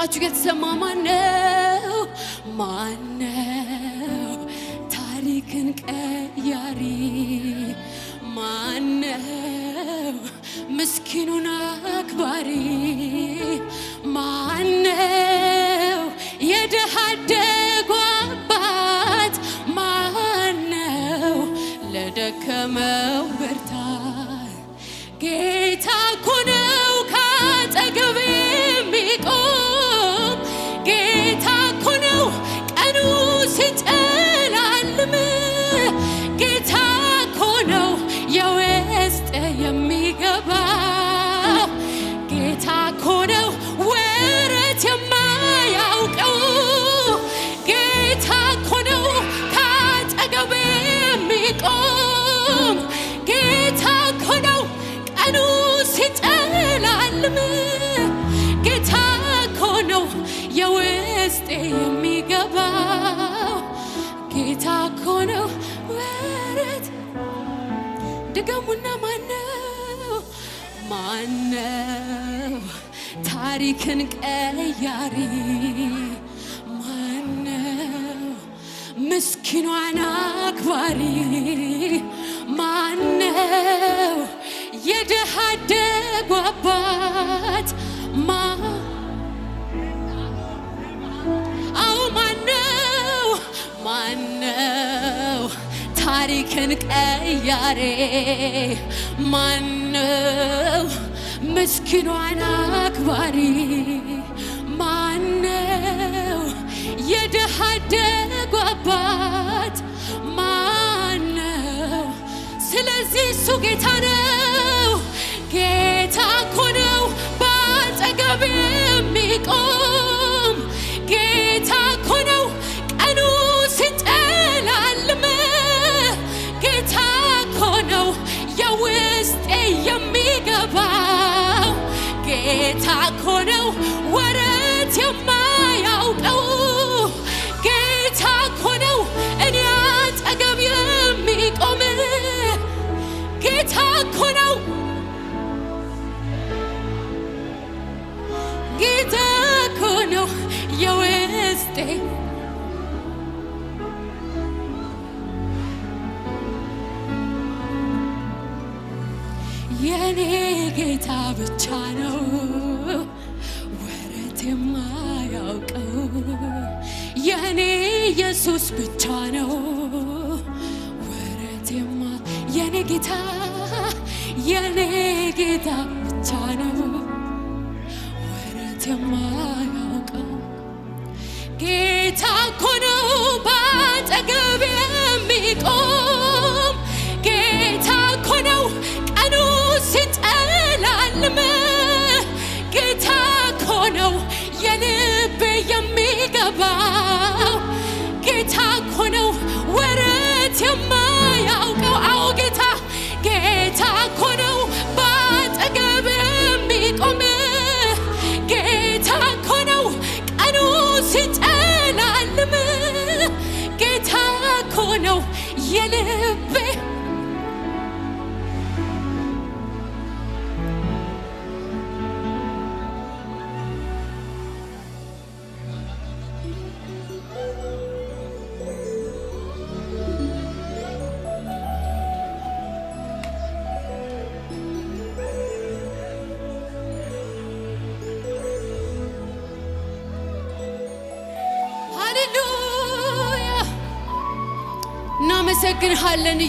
ድምፃችሁ የተሰማ ማነው? ማነው ታሪክን ቀያሪ ማነው ምስኪኑን አክባሪ ማነው ድገሙና ማነው ማነው ታሪክን ቀያሪ ማነው ምስኪኗን አክባሪ ማነው የድሃ አደጉ አባት ማነው ማነው ታሪክን ቀያሬ ማነው? ምስኪኗን አክባሪ ማነው? የድሃ አደጉ አባት ማነው? ስለዚህ እሱ ጌታ ነው፣ ጌታ እኮ ነው በአጠገብ የሚቆም Dave. የኔ ጌታ ብቻ ነው ወረት የማያውቀው የኔ ኢየሱስ ብቻ ነው ወረት የማ የኔ ጌታ የኔ ጌታ ብቻ ነው ወረት የማ ጌታ እኮ ነው ባጠገብ የሚቆም ጌታ እኮ ነው ቀኑ ሲጨልም ጌታ እኮ ነው የልብ የሚገባው ጌታ እኮ ነው ወረት የማያውቀው አዎ ጌታ ጌታ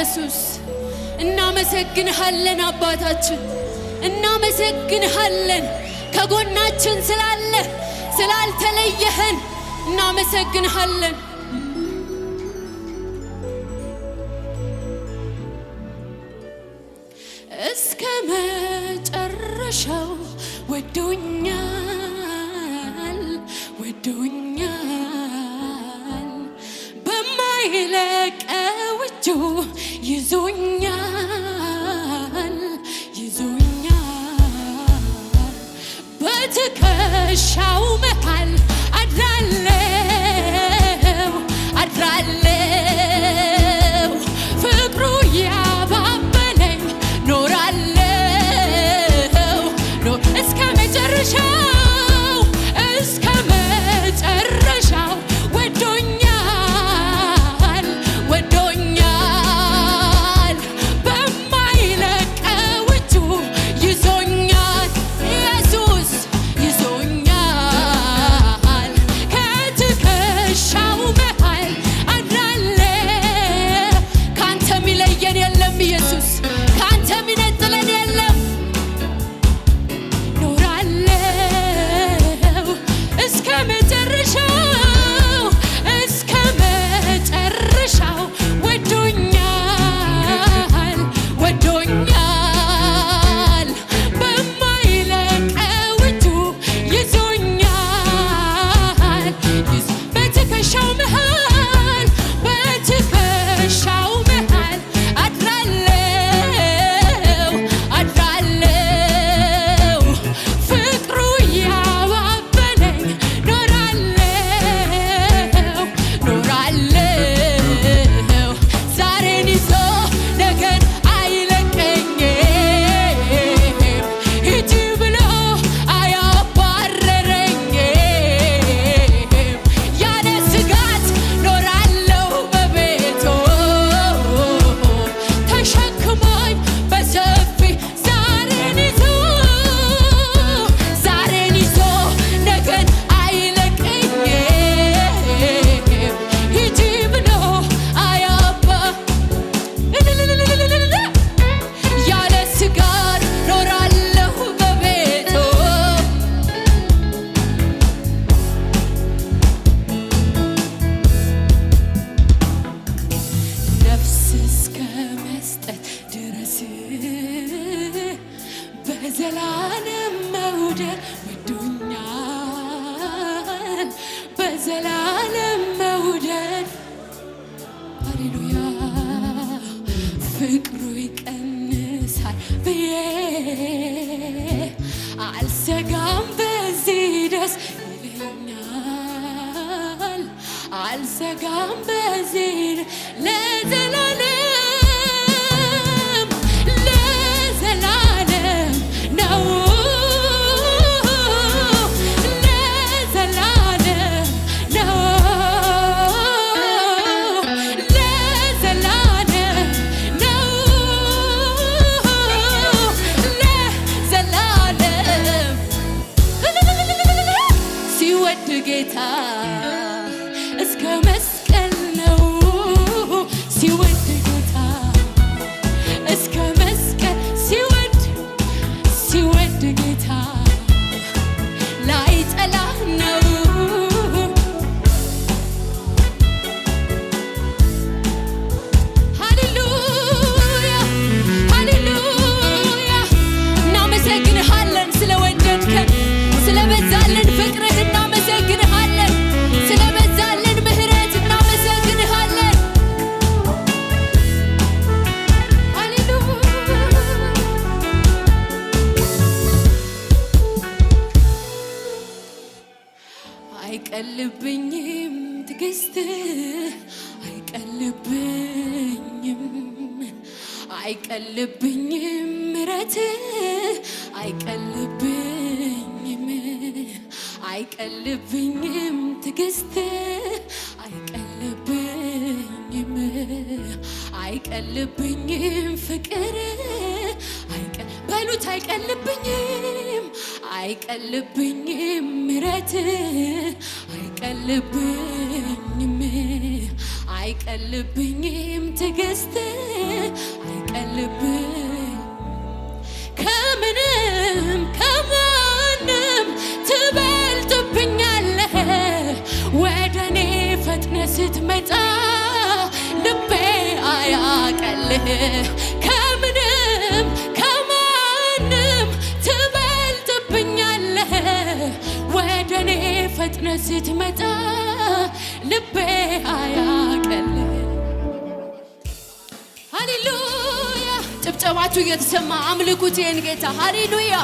ኢየሱስ እናመሰግንሃለን። አባታችን እናመሰግንሃለን። ከጎናችን ስላለ ስላልተለየህን እናመሰግንሃለን። እስከ መጨረሻው ወዶኛል ወዶኛል በማይለቅ ይዞኛል ይዞኛል በትከሻው መካል አድራለ قام بزين لا زلالم لا زلالم نعوف لا زلالم نعوف لا زلالم نعوف لا زلالم سوى الدقيتات አይቀልብኝም ትግስት አይቀልብኝም አይቀልብኝም ምረት አይቀልብኝም አይቀልብኝም ትግስት አይቀልብኝም አይቀልብኝም ፍቅር በሉት አይቀልብኝም አይቀልብኝም ምረት አይቀልብኝም አይቀልብኝም ትግስት አይቀልብኝ ከምንም ከማንም ትበልጥብኛለህ ወደ እኔ ፈጥነ ስትመጣ ልቤ አያቀልህ ስትመጣ ልቤ አያቀል። ሃሌሉያ! ጭብጨባችሁ እየተሰማ አምልኩት ይህን ጌታ ሃሌሉያ!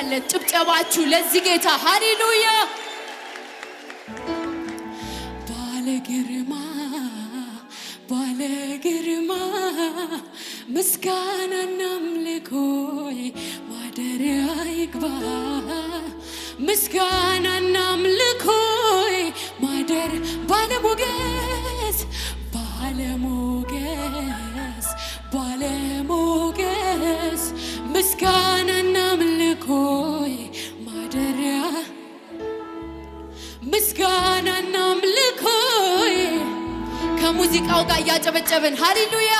ያለ ጭብጨባችሁ ለዚህ ጌታ ሃሌሉያ። ባለግርማ ባለግርማ ምስጋናና አምልኮዬ ማደሪያ ይግባ። ምስጋናና አምልኮዬ ማደር ባለሞገስ ባለሞገስ ባለሞገስ ምስጋናና ምልኮይ ማደሪያ ምስጋናና ምልኮይ ከሙዚቃው ጋር እያጨበጨብን ሃሌሉያ